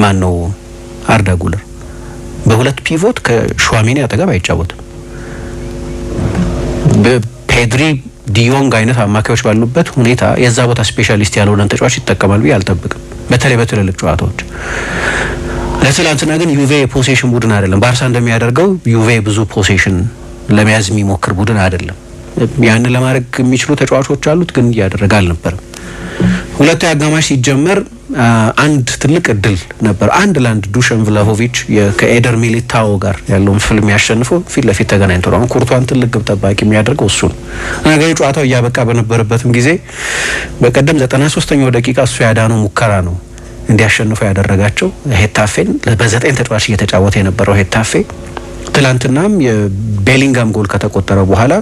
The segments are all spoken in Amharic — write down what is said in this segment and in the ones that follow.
ማን ነው አርዳ ጉለር በሁለት ፒቮት ከሹዋሚኒ አጠገብ አይጫወትም። በፔድሪ ዲዮንግ አይነት አማካዮች ባሉበት ሁኔታ የዛ ቦታ ስፔሻሊስት ያልሆነን ተጫዋች ይጠቀማል ብዬ አልጠብቅም፣ በተለይ በትልልቅ ጨዋታዎች። ለትላንትና ግን ዩቬ የፖሴሽን ቡድን አይደለም። ባርሳ እንደሚያደርገው ዩቬ ብዙ ፖሴሽን ለመያዝ የሚሞክር ቡድን አይደለም። ያንን ለማድረግ የሚችሉ ተጫዋቾች አሉት፣ ግን እያደረገ አልነበርም። ሁለቱ አጋማሽ ሲጀመር አንድ ትልቅ እድል ነበር። አንድ ለአንድ ዱሸን ቭላሆቪች ከኤደር ሚሊታዎ ጋር ያለውን ፍልም ያሸንፈው ፊት ለፊት ተገናኝቶ ነው። አሁን ኩርቷን ትልቅ ግብ ጠባቂ የሚያደርገው እሱ ነው። ነገሩ ጨዋታው እያበቃ በነበረበትም ጊዜ በቀደም ዘጠና ሶስተኛው ደቂቃ እሱ ያዳነው ሙከራ ነው እንዲያሸንፈው ያደረጋቸው ሄታፌን። በዘጠኝ ተጫዋች እየተጫወተ የነበረው ሄታፌ ትላንትናም የቤሊንጋም ጎል ከተቆጠረ በኋላ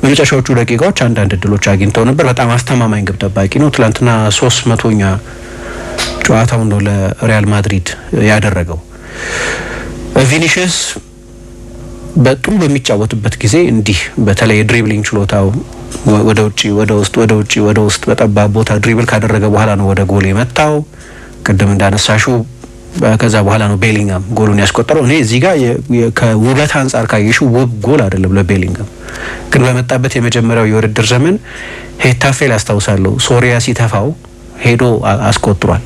በመጨረሻዎቹ ደቂቃዎች አንዳንድ እድሎች አግኝተው ነበር። በጣም አስተማማኝ ግብ ጠባቂ ነው። ትላንትና ሶስት መቶኛ ጨዋታውን ነው ለሪያል ማድሪድ ያደረገው። ቪኒሽስ በጥሩ በሚጫወትበት ጊዜ እንዲህ በተለይ ድሪብሊንግ ችሎታው ወደ ውጭ ወደ ውስጥ ወደ ውጭ ወደ ውስጥ በጠባብ ቦታ ድሪብል ካደረገ በኋላ ነው ወደ ጎል የመታው። ቅድም እንዳነሳሹ ከዛ በኋላ ነው ቤሊንጋም ጎሉን ያስቆጠረው። እኔ እዚህ ጋር ከውበት አንጻር ካየሹ ውብ ጎል አይደለም ለቤሊንግሃም፣ ግን በመጣበት የመጀመሪያው የውድድር ዘመን ሄታፌ ላስታውሳለሁ ሶሪያ ሲተፋው ሄዶ አስቆጥሯል።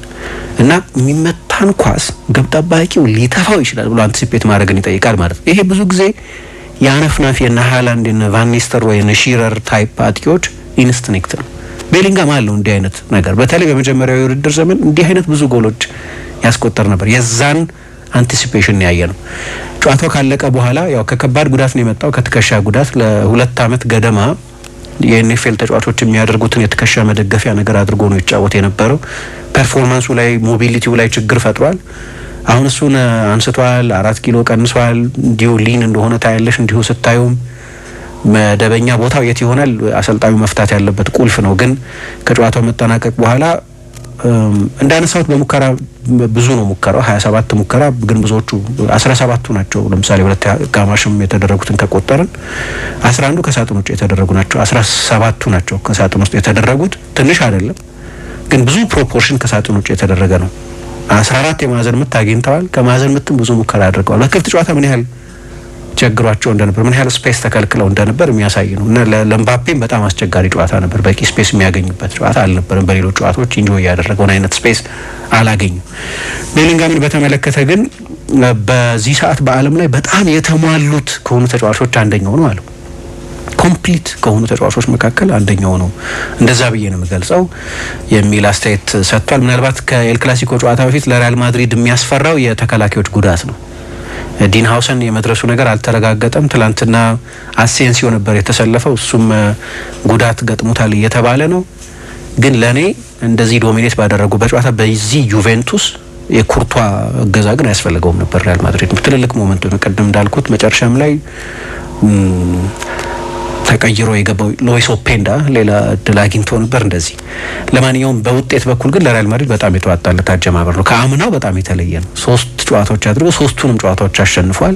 እና የሚመታን ኳስ ግብ ጠባቂው ሊተፋው ይችላል ብሎ አንቲሲፔት ማድረግን ይጠይቃል ማለት ነው። ይሄ ብዙ ጊዜ የአነፍናፊ የነ ሀላንድ የነ ቫኒስተር ወይ የነ ሺረር ታይፕ አጥቂዎች ኢንስቲንክት ነው። ቤሊንጋም አለው እንዲህ አይነት ነገር። በተለይ በመጀመሪያው የውድድር ዘመን እንዲህ አይነት ብዙ ጎሎች ያስቆጠር ነበር። የዛን አንቲሲፔሽን ያየ ነው። ጨዋታው ካለቀ በኋላ ያው ከከባድ ጉዳት ነው የመጣው፣ ከትከሻ ጉዳት ለሁለት አመት ገደማ የኤንኤፍኤል ተጫዋቾች የሚያደርጉትን የትከሻ መደገፊያ ነገር አድርጎ ነው ይጫወት የነበረው። ፐርፎርማንሱ ላይ ሞቢሊቲው ላይ ችግር ፈጥሯል። አሁን እሱን አንስቷል፣ አራት ኪሎ ቀንሷል። እንዲሁ ሊን እንደሆነ ታያለሽ። እንዲሁ ስታዩም መደበኛ ቦታው የት ይሆናል አሰልጣኙ መፍታት ያለበት ቁልፍ ነው። ግን ከጨዋታው መጠናቀቅ በኋላ እንዳነሳሁት በሙከራ ብዙ ነው ሙከራው፣ ሀያ ሰባት ሙከራ ግን ብዙዎቹ አስራ ሰባቱ ናቸው። ለምሳሌ ሁለት ጋማሽም የተደረጉትን ከቆጠርን አስራ አንዱ ከሳጥን ውጭ የተደረጉ ናቸው። አስራ ሰባቱ ናቸው ከሳጥን ውስጥ የተደረጉት ትንሽ አይደለም። ግን ብዙ ፕሮፖርሽን ከሳጥን ውጭ የተደረገ ነው። አስራ አራት የማዕዘን ምት አግኝተዋል። ከማዕዘን ምትም ብዙ ሙከራ አድርገዋል። በክፍት ጨዋታ ምን ያህል ቸግሯቸው እንደነበር ምን ያህል ስፔስ ተከልክለው እንደነበር የሚያሳይ ነው እና ለምባፔም በጣም አስቸጋሪ ጨዋታ ነበር። በቂ ስፔስ የሚያገኙበት ጨዋታ አልነበረም። በሌሎች ጨዋታዎች እንጆ እያደረገውን አይነት ስፔስ አላገኙም። ቤሊንጋምን በተመለከተ ግን በዚህ ሰዓት በዓለም ላይ በጣም የተሟሉት ከሆኑ ተጫዋቾች አንደኛው ነው አለው ኮምፕሊት ከሆኑ ተጫዋቾች መካከል አንደኛው ነው። እንደዛ ብዬ ነው የምገልጸው የሚል አስተያየት ሰጥቷል። ምናልባት ከኤል ክላሲኮ ጨዋታ በፊት ለሪያል ማድሪድ የሚያስፈራው የተከላካዮች ጉዳት ነው። ዲን ሀውሰን የመድረሱ ነገር አልተረጋገጠም። ትላንትና አሴንሲዮ ነበር የተሰለፈው፣ እሱም ጉዳት ገጥሞታል እየተባለ ነው። ግን ለእኔ እንደዚህ ዶሚኔት ባደረጉበት በጨዋታ በዚህ ዩቬንቱስ የኩርቷ እገዛ ግን አያስፈልገውም ነበር ሪያል ማድሪድ ትልልቅ ሞመንት ቅድም እንዳልኩት መጨረሻም ላይ ተቀይሮ የገባው ሎይስ ኦፔንዳ ሌላ እድል አግኝቶ ነበር እንደዚህ። ለማንኛውም በውጤት በኩል ግን ለሪያል ማድሪድ በጣም የተዋጣለት አጀማመር ነው። ከአምናው በጣም የተለየ ነው። ሶስት ጨዋታዎች አድርጎ ሶስቱንም ጨዋታዎች አሸንፏል።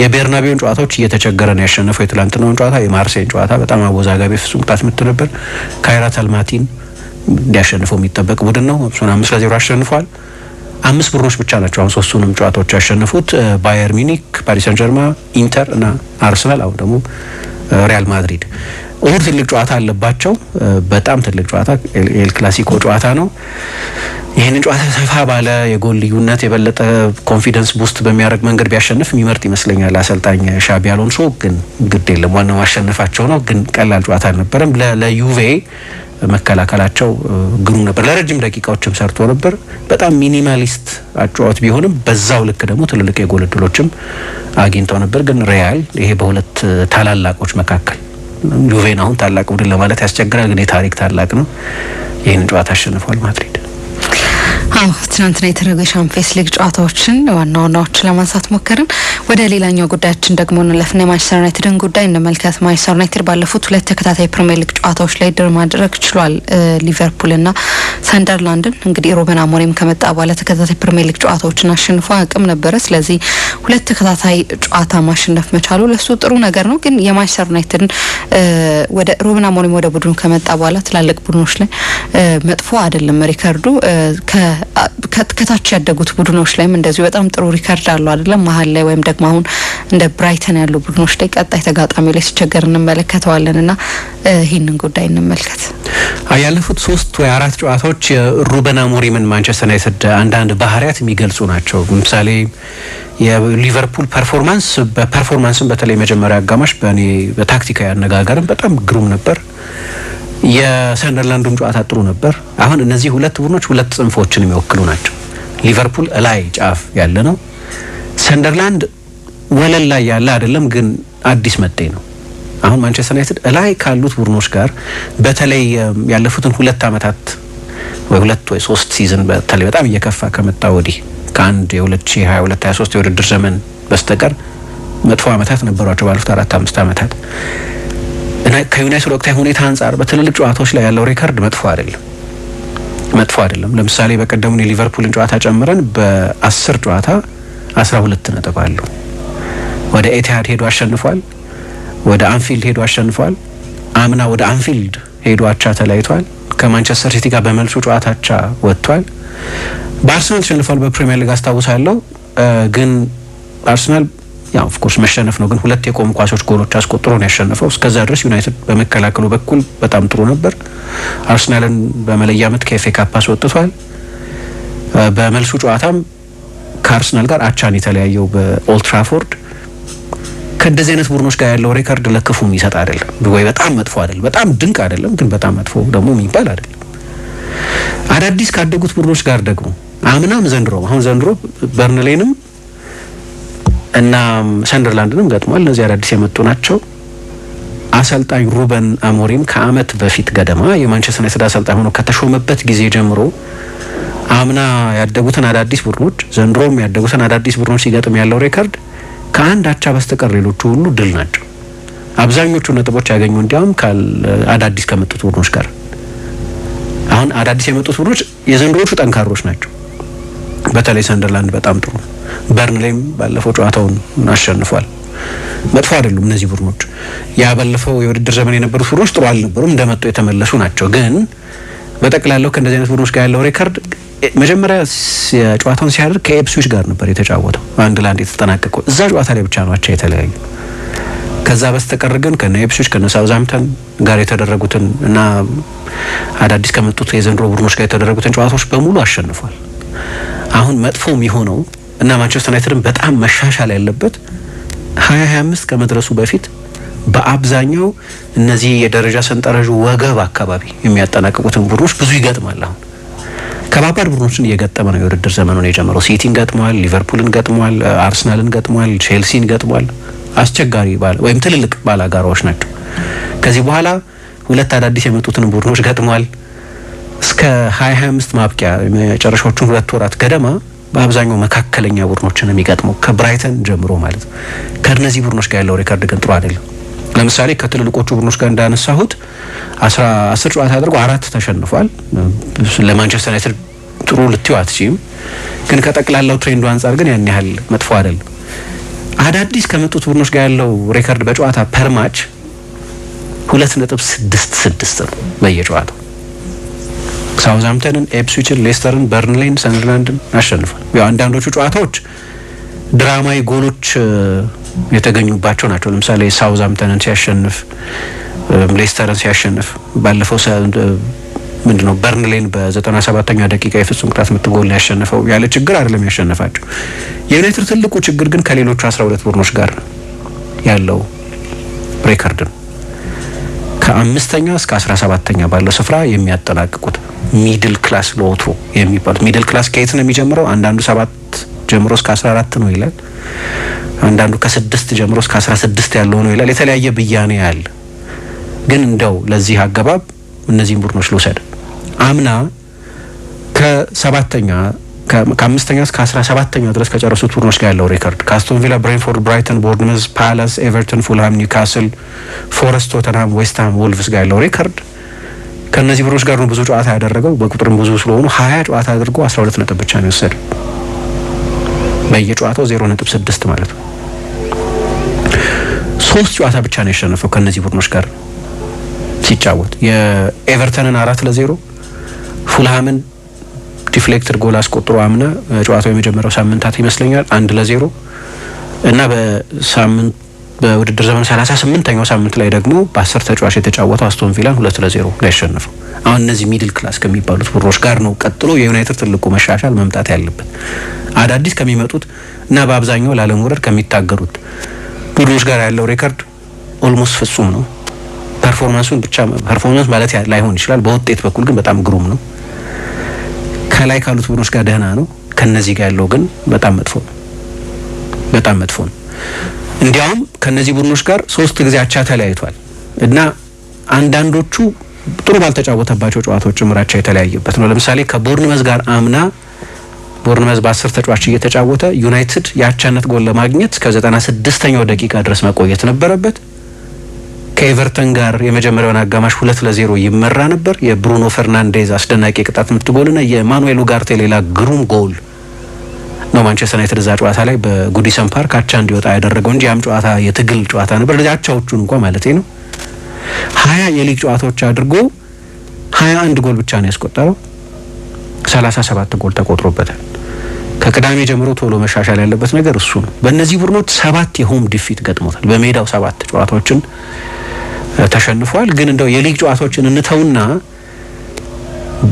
የቤርናቤውን ጨዋታዎች እየተቸገረ ነው ያሸነፈው። የትላንትናውን ጨዋታ፣ የማርሴይን ጨዋታ በጣም አወዛጋቢ ፍጹም ቅጣት ምት ነበር። ካይራት አልማቲን እንዲያሸንፈው የሚጠበቅ ቡድን ነው። እሱን አምስት ለዜሮ አሸንፏል። አምስት ቡድኖች ብቻ ናቸው አሁን ሶስቱንም ጨዋታዎች ያሸነፉት ባየር ሚኒክ፣ ፓሪስ ሰን ጀርማ፣ ኢንተር እና አርሰናል አሁን ደግሞ ሪያል ማድሪድ እሁድ ትልቅ ጨዋታ አለባቸው። በጣም ትልቅ ጨዋታ ኤል ክላሲኮ ጨዋታ ነው። ይህንን ጨዋታ ሰፋ ባለ የጎል ልዩነት የበለጠ ኮንፊደንስ ቡስት በሚያደርግ መንገድ ቢያሸንፍ የሚመርጥ ይመስለኛል አሰልጣኝ ሻቢ አሎንሶ። ግን ግድ የለም ዋናው ማሸነፋቸው ነው። ግን ቀላል ጨዋታ አልነበረም ለዩቬ መከላከላቸው ግሩም ነበር። ለረጅም ደቂቃዎችም ሰርቶ ነበር። በጣም ሚኒማሊስት አጫዋት ቢሆንም በዛው ልክ ደግሞ ትልልቅ የጎል እድሎችም አግኝተው ነበር። ግን ሪያል ይሄ በሁለት ታላላቆች መካከል ዩቬን አሁን ታላቅ ቡድን ለማለት ያስቸግራል፣ ግን የታሪክ ታላቅ ነው። ይህን ጨዋታ አሸንፏል ማድሪድ። አዎ ትናንትና የተደረገ የሻምፒየንስ ሊግ ጨዋታዎችን ዋና ዋናዎችን ለማንሳት ሞከርን። ወደ ሌላኛው ጉዳያችን ደግሞ እንለፍና የማንቸስተር ዩናይትድን ጉዳይ እንመልከት። ማንቸስተር ዩናይትድ ባለፉት ሁለት ተከታታይ ፕሪሚየር ሊግ ጨዋታዎች ላይ ድር ማድረግ ችሏል። ሊቨርፑልና ሰንደርላንድን እንግዲህ ሩበን አሞሪም ከመጣ በኋላ ተከታታይ ፕሪሚየር ሊግ ጨዋታዎችን አሸንፎ አቅም ነበረ። ስለዚህ ሁለት ተከታታይ ጨዋታ ማሸነፍ መቻሉ ለሱ ጥሩ ነገር ነው። ግን የማንቸስተር ዩናይትድን ወደ ሩበን አሞሪም ወደ ቡድኑ ከመጣ በኋላ ትላልቅ ቡድኖች ላይ መጥፎ አይደለም ሪከርዱ ከታች ያደጉት ቡድኖች ላይም እንደዚሁ በጣም ጥሩ ሪከርድ አለው አይደለም። መሀል ላይ ወይም ደግሞ አሁን እንደ ብራይተን ያሉ ቡድኖች ላይ ቀጣይ ተጋጣሚ ላይ ሲቸገር እንመለከተዋለን እና ይህንን ጉዳይ እንመልከት። ያለፉት ሶስት ወይ አራት ጨዋታዎች የሩበን አሞሪምን ማንቸስተር ዩናይትድ አንዳንድ ባህሪያት የሚገልጹ ናቸው። ምሳሌ የሊቨርፑል ፐርፎርማንስ በፐርፎርማንስም በተለይ መጀመሪያ አጋማሽ በእኔ በታክቲካዊ አነጋገርም በጣም ግሩም ነበር። የሰንደርላንዱም ጨዋታ ጥሩ ነበር። አሁን እነዚህ ሁለት ቡድኖች ሁለት ጽንፎችን የሚወክሉ ናቸው። ሊቨርፑል እላይ ጫፍ ያለ ነው። ሰንደርላንድ ወለል ላይ ያለ አይደለም፣ ግን አዲስ መጤ ነው። አሁን ማንቸስተር ዩናይትድ እላይ ካሉት ቡድኖች ጋር በተለይ ያለፉትን ሁለት ዓመታት ወይ ሁለት ወይ ሶስት ሲዝን በተለይ በጣም እየከፋ ከመጣ ወዲህ ከአንድ የ2022/23 የውድድር ዘመን በስተቀር መጥፎ ዓመታት ነበሯቸው ባለፉት አራት አምስት ዓመታት ከዩናይትድ ወቅታዊ ሁኔታ አንጻር በትልልቅ ጨዋታዎች ላይ ያለው ሪከርድ መጥፎ አይደለም መጥፎ አይደለም። ለምሳሌ በቀደሙን የሊቨርፑልን ጨዋታ ጨምረን በአስር ጨዋታ አስራ ሁለት ነጥብ አሉ። ወደ ኤቲሃድ ሄዶ አሸንፏል። ወደ አንፊልድ ሄዶ አሸንፏል። አምና ወደ አንፊልድ ሄዶ አቻ ተለያይቷል። ከማንቸስተር ሲቲ ጋር በመልሱ ጨዋታ አቻ ወጥቷል። በአርሰናል ተሸንፏል። በፕሪሚየር ሊግ አስታውሳለሁ ግን አርሰናል ያው ኦፍኮርስ መሸነፍ ነው፣ ግን ሁለት የቆሙ ኳሶች ጎሎች አስቆጥሮ ነው ያሸነፈው። እስከዛ ድረስ ዩናይትድ በመከላከሉ በኩል በጣም ጥሩ ነበር። አርሰናልን በመለያ ምት ከኤፌ ካፕ አስወጥቷል። በመልሱ ጨዋታም ከአርሰናል ጋር አቻን የተለያየው በኦልትራፎርድ ከእንደዚህ አይነት ቡድኖች ጋር ያለው ሬከርድ ለክፉ የሚሰጥ አይደለም ወይ በጣም መጥፎ አይደለም፣ በጣም ድንቅ አይደለም፣ ግን በጣም መጥፎ ደግሞ የሚባል አይደለም። አዳዲስ ካደጉት ቡድኖች ጋር ደግሞ አምናም ዘንድሮ አሁን ዘንድሮ በርንሌንም እና ሰንደርላንድንም ገጥሟል። እነዚህ አዳዲስ የመጡ ናቸው። አሰልጣኝ ሩበን አሞሪም ከአመት በፊት ገደማ የማንቸስተር ዩናይትድ አሰልጣኝ ሆኖ ከተሾመበት ጊዜ ጀምሮ አምና ያደጉትን አዳዲስ ቡድኖች ዘንድሮም ያደጉትን አዳዲስ ቡድኖች ሲገጥም ያለው ሬከርድ ከአንድ አቻ በስተቀር ሌሎቹ ሁሉ ድል ናቸው። አብዛኞቹ ነጥቦች ያገኙ እንዲያውም አዳዲስ ከመጡት ቡድኖች ጋር አሁን አዳዲስ የመጡት ቡድኖች የዘንድሮቹ ጠንካሮች ናቸው። በተለይ ሰንደርላንድ በጣም ጥሩ በርን ላይም ባለፈው ጨዋታውን አሸንፏል። መጥፎ አይደሉም እነዚህ ቡድኖች። ያ ባለፈው የውድድር ዘመን የነበሩት ቡድኖች ጥሩ አልነበሩም፣ እንደመጡ የተመለሱ ናቸው። ግን በጠቅላላው ከእንደዚህ አይነት ቡድኖች ጋር ያለው ሬከርድ መጀመሪያ ጨዋታውን ሲያደርግ ከኤፕስዊች ጋር ነበር የተጫወተው፣ አንድ ለአንድ የተጠናቀቀው። እዛ ጨዋታ ላይ ብቻ ናቸው የተለያዩ። ከዛ በስተቀር ግን ከነ ኤፕስዊች ከነ ሳውዛምፕተን ጋር የተደረጉትን እና አዳዲስ ከመጡት የዘንድሮ ቡድኖች ጋር የተደረጉትን ጨዋታዎች በሙሉ አሸንፏል። አሁን መጥፎ የሚሆነው እና ማንቸስተር ዩናይትድን በጣም መሻሻል ያለበት 2025 ከመድረሱ በፊት በአብዛኛው እነዚህ የደረጃ ሰንጠረዥ ወገብ አካባቢ የሚያጠናቅቁትን ቡድኖች ብዙ ይገጥማል። አሁን ከባባድ ቡድኖችን እየገጠመ ነው የውድድር ዘመኑን የጀመረው። ሲቲን ገጥሟል፣ ሊቨርፑልን ገጥሟል፣ አርሰናልን ገጥሟል፣ ቼልሲን ገጥሟል። አስቸጋሪ ወይም ትልልቅ ባላጋራዎች ናቸው። ከዚህ በኋላ ሁለት አዳዲስ የመጡትን ቡድኖች ገጥሟል። እስከ 2025 ማብቂያ የመጨረሻዎቹን ሁለት ወራት ገደማ በአብዛኛው መካከለኛ ቡድኖችን የሚገጥመው ከብራይተን ጀምሮ ማለት ነው። ከእነዚህ ቡድኖች ጋር ያለው ሪከርድ ግን ጥሩ አይደለም። ለምሳሌ ከትልልቆቹ ቡድኖች ጋር እንዳነሳሁት አስራ አስር ጨዋታ አድርጎ አራት ተሸንፏል። ለማንቸስተር ዩናይትድ ጥሩ ልትዩ አትችም፣ ግን ከጠቅላላው ትሬንዱ አንጻር ግን ያን ያህል መጥፎ አይደለም። አዳዲስ ከመጡት ቡድኖች ጋር ያለው ሪከርድ በጨዋታ ፐርማች ሁለት ነጥብ ስድስት ስድስት ነው በየጨዋታው ሳውዝሃምተንን፣ ኤፕስዊችን፣ ሌስተርን፣ በርንሌን፣ ሰንደርላንድን አሸንፏል። ያው አንዳንዶቹ ጨዋታዎች ድራማዊ ጎሎች የተገኙባቸው ናቸው። ለምሳሌ ሳውዝሃምተንን ሲያሸንፍ፣ ሌስተርን ሲያሸንፍ ባለፈው ምንድነው በርንሌን በዘጠና ሰባተኛ ደቂቃ የፍጹም ቅጣት ምት ጎል ያሸነፈው ያለ ችግር አይደለም ያሸነፋቸው። የዩናይትድ ትልቁ ችግር ግን ከሌሎቹ አስራ ሁለት ቡድኖች ጋር ያለው ሬከርድ ነው። ከአምስተኛ እስከ አስራ ሰባተኛ ባለው ስፍራ የሚያጠናቅቁት ሚድል ክላስ ሎቶ የሚባሉት ሚድል ክላስ ከየት ነው የሚጀምረው? አንዳንዱ ሰባት ጀምሮ እስከ አስራ አራት ነው ይላል። አንዳንዱ ከስድስት ጀምሮ እስከ አስራ ስድስት ያለው ነው ይላል። የተለያየ ብያኔ ያለ ግን እንደው ለዚህ አገባብ እነዚህን ቡድኖች ልውሰድ። አምና ከሰባተኛ ከአምስተኛ እስከ አስራ ሰባተኛው ድረስ ከጨረሱት ቡድኖች ጋር ያለው ሪከርድ ከአስቶን ቪላ፣ ብሬንፎርድ፣ ብራይተን፣ ቦርድመዝ፣ ፓላስ፣ ኤቨርተን፣ ፉልሃም፣ ኒውካስል፣ ፎረስት፣ ቶተንሃም፣ ዌስትሃም፣ ወልቭስ ጋር ያለው ሪከርድ ከእነዚህ ቡድኖች ጋር ነው ብዙ ጨዋታ ያደረገው። በቁጥርም ብዙ ስለሆኑ ሀያ ጨዋታ አድርጎ አስራ ሁለት ነጥብ ብቻ ነው የወሰደው። በየጨዋታው ዜሮ ነጥብ ስድስት ማለት ነው። ሶስት ጨዋታ ብቻ ነው ያሸነፈው ከእነዚህ ቡድኖች ጋር ሲጫወት የኤቨርተንን አራት ለዜሮ ፉልሃምን ዲፍሌክተር ጎል አስቆጥሮ አምና ጨዋታው የመጀመሪያው ሳምንታት ይመስለኛል አንድ ለዜሮ እና በሳምንት በውድድር ዘመን ሰላሳ ስምንተኛው ሳምንት ላይ ደግሞ በአስር ተጫዋች የተጫወተው አስቶን ቪላን ሁለት ለዜሮ ያሸነፈው። አሁን እነዚህ ሚድል ክላስ ከሚባሉት ቡድኖች ጋር ነው ቀጥሎ የዩናይትድ ትልቁ መሻሻል መምጣት ያለበት አዳዲስ ከሚመጡት እና በአብዛኛው ላለመውረድ ከሚታገሩት ቡድኖች ጋር ያለው ሬከርድ ኦልሞስት ፍጹም ነው። ፐርፎርማንሱን ብቻ ፐርፎርማንስ ማለት ላይሆን ይችላል፣ በውጤት በኩል ግን በጣም ግሩም ነው። ከላይ ካሉት ቡድኖች ጋር ደህና ነው። ከነዚህ ጋር ያለው ግን በጣም መጥፎ ነው። በጣም መጥፎ ነው። እንዲያውም ከነዚህ ቡድኖች ጋር ሶስት ጊዜ አቻ ተለያይቷል እና አንዳንዶቹ ጥሩ ባልተጫወተባቸው ጨዋታዎች ጭምር አቻ የተለያየበት ነው። ለምሳሌ ከቦርንመዝ ጋር አምና ቦርንመዝ በአስር ተጫዋች እየተጫወተ ዩናይትድ የአቻነት ጎል ለማግኘት እስከ ዘጠና ስድስተኛው ደቂቃ ድረስ መቆየት ነበረበት። ከኤቨርተን ጋር የመጀመሪያውን አጋማሽ ሁለት ለዜሮ ይመራ ነበር። የብሩኖ ፈርናንዴዝ አስደናቂ ቅጣት ምት ጎልና የማኑኤል ኡጋርቴ ሌላ ግሩም ጎል ነው ማንቸስተር ዩናይትድ እዛ ጨዋታ ላይ በጉዲሰን ፓርክ አቻ እንዲወጣ ያደረገው እንጂ ያም ጨዋታ የትግል ጨዋታ ነበር። አቻዎቹን እንኳ ማለት ነው ሀያ የሊግ ጨዋታዎች አድርጎ ሀያ አንድ ጎል ብቻ ነው ያስቆጠረው። ሰላሳ ሰባት ጎል ተቆጥሮበታል። ከቅዳሜ ጀምሮ ቶሎ መሻሻል ያለበት ነገር እሱ ነው። በእነዚህ ቡድኖች ሰባት የሆም ዲፊት ገጥሞታል። በሜዳው ሰባት ጨዋታዎችን ተሸንፏል። ግን እንደው የሊግ ጨዋታዎችን እንተውና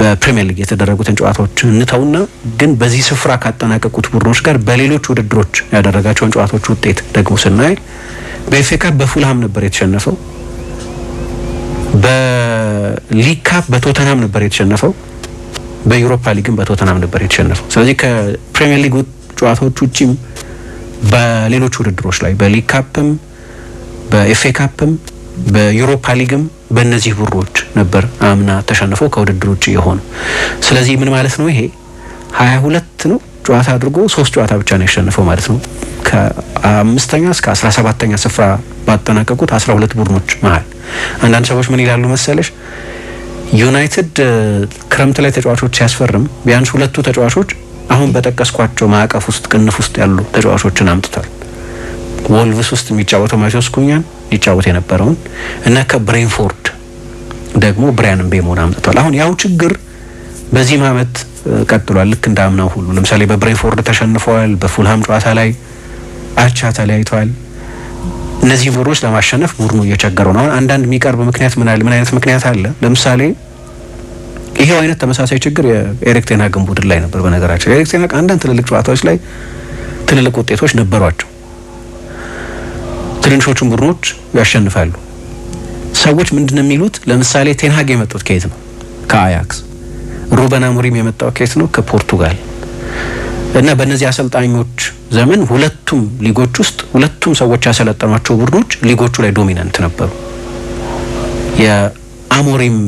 በፕሪሚየር ሊግ የተደረጉትን ጨዋታዎች እንተውና ግን በዚህ ስፍራ ካጠናቀቁት ቡድኖች ጋር በሌሎች ውድድሮች ያደረጋቸውን ጨዋታዎች ውጤት ደግሞ ስናይ በኤፍ ካፕ በፉልሃም ነበር የተሸነፈው። በሊግ ካፕ በቶተንሃም ነበር የተሸነፈው። በዩሮፓ ሊግም በቶተናም ነበር የተሸነፈው። ስለዚህ ከፕሪሚየር ሊግ ጨዋታዎች ውጪም በሌሎች ውድድሮች ላይ በሊግ ካፕም በኤፍ ካፕም በዩሮፓ ሊግም በእነዚህ ቡድኖች ነበር አምና ተሸንፎ ከውድድር ውጭ የሆኑ። ስለዚህ ምን ማለት ነው? ይሄ ሀያ ሁለት ነው ጨዋታ አድርጎ ሶስት ጨዋታ ብቻ ነው ያሸንፈው ማለት ነው። ከአምስተኛ እስከ አስራ ሰባተኛ ስፍራ ባጠናቀቁት አስራ ሁለት ቡድኖች መሀል አንዳንድ ሰዎች ምን ይላሉ መሰለሽ ዩናይትድ ክረምት ላይ ተጫዋቾች ሲያስፈርም ቢያንስ ሁለቱ ተጫዋቾች አሁን በጠቀስኳቸው ማዕቀፍ ውስጥ ቅንፍ ውስጥ ያሉ ተጫዋቾችን አምጥቷል። ወልቭስ ውስጥ የሚጫወተው ማቴዎስ ኩኛን ይጫወት የነበረውን እና ከብሬንፎርድ ደግሞ ብሪያን ምቤሞን አምጥቷል። አሁን ያው ችግር በዚህም አመት ቀጥሏል። ልክ እንዳምናው ሁሉ ለምሳሌ በብሬንፎርድ ተሸንፈዋል። በፉልሃም ጨዋታ ላይ አቻ ተለያይቷል። እነዚህ ቡድኖች ለማሸነፍ ቡድኑ እየቸገረው ነው። አሁን አንዳንድ የሚቀርብ ምክንያት ምን ምን አይነት ምክንያት አለ? ለምሳሌ ይሄው አይነት ተመሳሳይ ችግር የኤሪክ ቴን ቡድን ላይ ነበር። በነገራችን ኤሪክ ቴን አንዳንድ ትልልቅ ጨዋታዎች ላይ ትልልቅ ውጤቶች ነበሯቸው። ትንንሾቹን ቡድኖች ያሸንፋሉ። ሰዎች ምንድን ነው የሚሉት? ለምሳሌ ቴንሃግ የመጡት ከየት ነው? ከአያክስ። ሩበን አሞሪም የመጣው ከየት ነው? ከፖርቱጋል። እና በእነዚህ አሰልጣኞች ዘመን ሁለቱም ሊጎች ውስጥ ሁለቱም ሰዎች ያሰለጠኗቸው ቡድኖች ሊጎቹ ላይ ዶሚናንት ነበሩ። የአሞሪም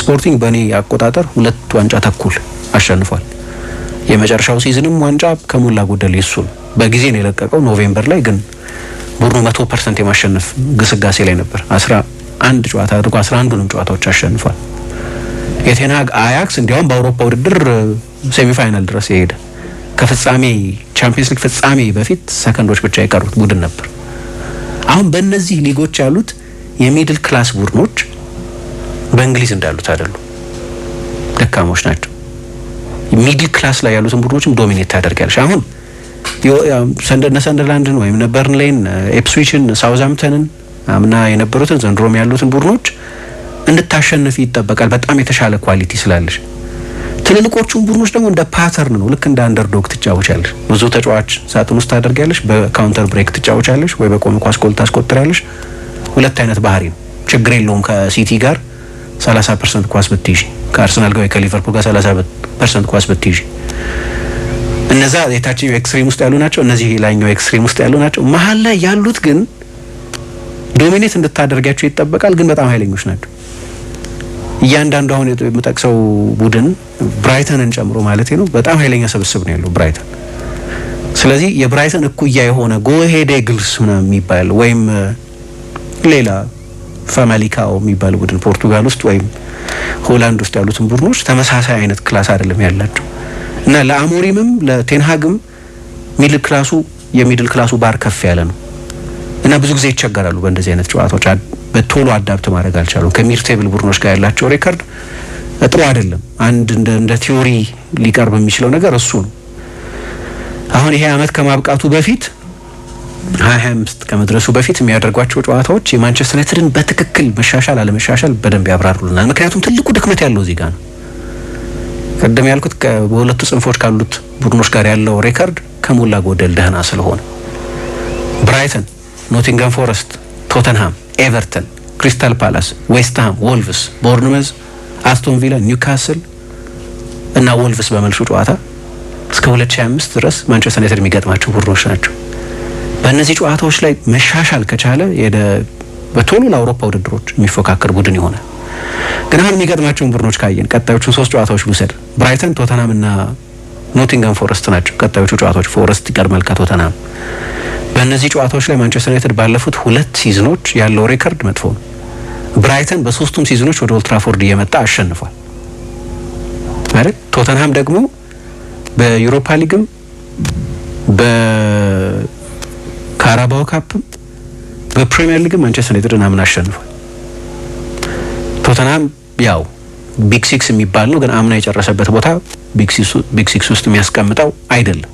ስፖርቲንግ በእኔ አቆጣጠር ሁለት ዋንጫ ተኩል አሸንፏል። የመጨረሻው ሲዝንም ዋንጫ ከሞላ ጎደል የሱ ነው። በጊዜ ነው የለቀቀው ኖቬምበር ላይ ግን ቡድኑ መቶ ፐርሰንት የማሸነፍ ግስጋሴ ላይ ነበር። አስራ አንድ ጨዋታ አድርጎ አስራ አንዱንም ጨዋታዎች አሸንፏል። የቴንሃግ አያክስ እንዲያውም በአውሮፓ ውድድር ሴሚፋይናል ድረስ የሄደ ከፍጻሜ ቻምፒየንስ ሊግ ፍጻሜ በፊት ሰከንዶች ብቻ የቀሩት ቡድን ነበር። አሁን በእነዚህ ሊጎች ያሉት የሚድል ክላስ ቡድኖች በእንግሊዝ እንዳሉት አይደሉም፣ ደካሞች ናቸው። ሚድል ክላስ ላይ ያሉትን ቡድኖችም ዶሚኔት ታደርጋለች አሁን ሰንደርላንድን ወይም በርንሌን፣ ኤፕስዊችን፣ ሳውዝሃምፕተንን አምና የነበሩትን ዘንድሮም ያሉትን ቡድኖች እንድታሸንፍ ይጠበቃል። በጣም የተሻለ ኳሊቲ ስላለሽ ትልልቆቹን ቡድኖች ደግሞ እንደ ፓተርን ነው። ልክ እንደ አንደርዶግ ትጫወቻለሽ። ብዙ ተጫዋች ሳጥን ውስጥ ታደርጊያለሽ፣ በካውንተር ብሬክ ትጫወቻለሽ፣ ወይ በቆመ ኳስ ጎል ታስቆጥሪያለሽ። ሁለት አይነት ባህሪ ነው። ችግር የለውም ከሲቲ ጋር 30 ፐርሰንት ኳስ ብትይዥ፣ ከአርሰናል ጋር ወይ ከሊቨርፑል ጋር 30 ፐርሰንት ኳስ ብትይዥ እነዛ የታችኛው ኤክስትሪም ውስጥ ያሉ ናቸው፣ እነዚህ ላይኛው ኤክስትሪም ውስጥ ያሉ ናቸው። መሀል ላይ ያሉት ግን ዶሚኔት እንድታደርጋቸው ይጠበቃል፣ ግን በጣም ኃይለኞች ናቸው። እያንዳንዱ አሁን የምጠቅሰው ቡድን ብራይተንን ጨምሮ ማለት ነው በጣም ኃይለኛ ስብስብ ነው ያለው ብራይተን። ስለዚህ የብራይተን እኩያ የሆነ ጎሄዴ ግልስ ምናምን የሚባል ወይም ሌላ ፋማሊካው የሚባል ቡድን ፖርቱጋል ውስጥ ወይም ሆላንድ ውስጥ ያሉትን ቡድኖች ተመሳሳይ አይነት ክላስ አይደለም ያላቸው። እና ለአሞሪምም ለቴንሃግም ሚድል ክላሱ የሚድል ክላሱ ባር ከፍ ያለ ነው እና ብዙ ጊዜ ይቸገራሉ በእንደዚህ አይነት ጨዋታዎች በቶሎ አዳብት ማድረግ አልቻሉም። ከሚድ ቴብል ቡድኖች ጋር ያላቸው ሬከርድ ጥሩ አይደለም። አንድ እንደ ቲዮሪ ሊቀርብ የሚችለው ነገር እሱ ነው። አሁን ይሄ አመት ከማብቃቱ በፊት ሀያ ሀያ አምስት ከመድረሱ በፊት የሚያደርጓቸው ጨዋታዎች የማንቸስተር ዩናይትድን በትክክል መሻሻል አለመሻሻል በደንብ ያብራሩልናል። ምክንያቱም ትልቁ ድክመት ያለው እዚህ ጋር ነው። ቅድም ያልኩት በሁለቱ ጽንፎች ካሉት ቡድኖች ጋር ያለው ሬከርድ ከሞላ ጎደል ደህና ስለሆነ ብራይተን፣ ኖቲንገም ፎረስት፣ ቶተንሃም፣ ኤቨርተን፣ ክሪስታል ፓላስ፣ ዌስትሃም፣ ወልቭስ፣ ቦርንመዝ፣ አስቶን ቪላ፣ ኒውካስል እና ወልቭስ በመልሱ ጨዋታ እስከ 2025 ድረስ ማንቸስተር ዩናይትድ የሚገጥማቸው ቡድኖች ናቸው። በእነዚህ ጨዋታዎች ላይ መሻሻል ከቻለ በቶሎ ለአውሮፓ ውድድሮች የሚፎካከር ቡድን ይሆናል። ግን አሁን የሚገጥማቸውን ቡድኖች ካየን ቀጣዮቹን ሶስት ጨዋታዎች ልውሰድ። ብራይተን፣ ቶተናም እና ኖቲንጋም ፎረስት ናቸው ቀጣዮቹ ጨዋታዎች። ፎረስት ይቀድማል ከቶተናም። በእነዚህ ጨዋታዎች ላይ ማንቸስተር ዩናይትድ ባለፉት ሁለት ሲዝኖች ያለው ሬከርድ መጥፎ ነው። ብራይተን በሶስቱም ሲዝኖች ወደ ኦልትራፎርድ እየመጣ አሸንፏል አይደል? ቶተንሃም ደግሞ በዩሮፓ ሊግም በካራባው ካፕም በፕሪሚየር ሊግም ማንቸስተር ዩናይትድ አምና አሸንፏል። ቶተናም ያው ቢግ ሲክስ የሚባል ነው፣ ግን አምና የጨረሰበት ቦታ ቢግ ሲክስ ውስጥ የሚያስቀምጠው አይደለም።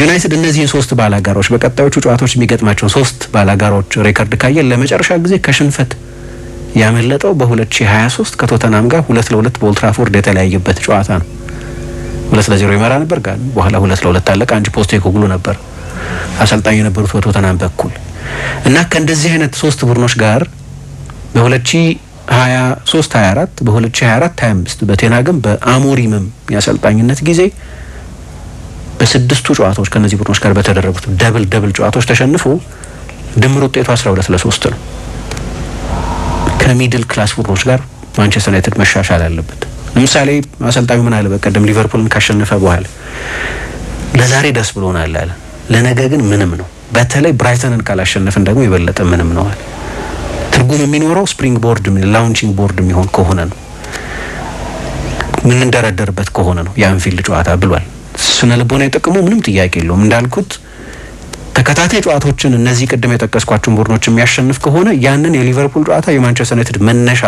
ዩናይትድ እነዚህን ሶስት ባላጋሮች በቀጣዮቹ ጨዋታዎች የሚገጥማቸው ሶስት ባላጋሮች ሬከርድ ካየን ለመጨረሻ ጊዜ ከሽንፈት ያመለጠው በ2023 ከቶተናም ጋር ሁለት ለሁለት በኦልትራፎርድ የተለያየበት ጨዋታ ነው። ሁለት ለዜሮ ይመራ ነበር ጋር በኋላ ሁለት ለሁለት አለቀ። አንጅ ፖስቴኮግሉ ነበር አሰልጣኝ የነበሩት በቶተናም በኩል እና ከእንደዚህ አይነት ሶስት ቡድኖች ጋር በ 23 24 በ2024 25 በቴናግም በአሞሪምም የአሰልጣኝነት ጊዜ በስድስቱ ጨዋታዎች ከነዚህ ቡድኖች ጋር በተደረጉት ደብል ደብል ጨዋታዎች ተሸንፎ ድምር ውጤቱ 12 ሁለት ለሶስት ነው። ከሚድል ክላስ ቡድኖች ጋር ማንቸስተር ዩናይትድ መሻሻል አለበት። ለምሳሌ አሰልጣኙ ምን አለ በቀደም ሊቨርፑልን ካሸነፈ በኋላ ለዛሬ ደስ ብሎናል አለ፣ ለነገ ግን ምንም ነው። በተለይ ብራይተንን ካላሸነፍን ደግሞ የበለጠ ምንም ነው አለ። ትርጉም የሚኖረው ስፕሪንግ ቦርድ ላውንቺንግ ቦርድ የሚሆን ከሆነ ነው የምንደረደርበት ከሆነ ነው የአንፊልድ ጨዋታ ብሏል። ስነ ልቦና የጠቅሙ ምንም ጥያቄ የለውም። እንዳልኩት ተከታታይ ጨዋታዎችን እነዚህ ቅድም የጠቀስኳቸውን ቡድኖች የሚያሸንፍ ከሆነ ያንን የሊቨርፑል ጨዋታ የማንቸስተር ዩናይትድ መነሻ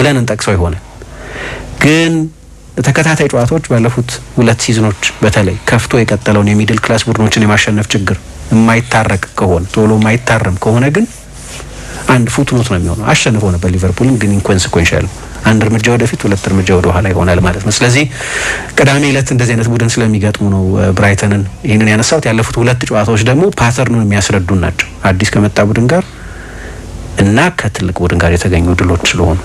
ብለን እንጠቅሰው ይሆነ ግን ተከታታይ ጨዋታዎች ባለፉት ሁለት ሲዝኖች በተለይ ከፍቶ የቀጠለውን የሚድል ክላስ ቡድኖችን የማሸነፍ ችግር የማይታረቅ ከሆነ ቶሎ የማይታረም ከሆነ ግን አንድ ፉትኖት ነው የሚሆነው። አሸንፎ ነበር ሊቨርፑልን፣ ግን ኢንኮንስኮንሻል አንድ እርምጃ ወደፊት ሁለት እርምጃ ወደ ኋላ ይሆናል ማለት ነው። ስለዚህ ቅዳሜ ዕለት እንደዚህ አይነት ቡድን ስለሚገጥሙ ነው ብራይተንን ይህንን ያነሳሁት። ያለፉት ሁለት ጨዋታዎች ደግሞ ፓተርኑን የሚያስረዱን ናቸው አዲስ ከመጣ ቡድን ጋር እና ከትልቅ ቡድን ጋር የተገኙ ድሎች ስለሆኑ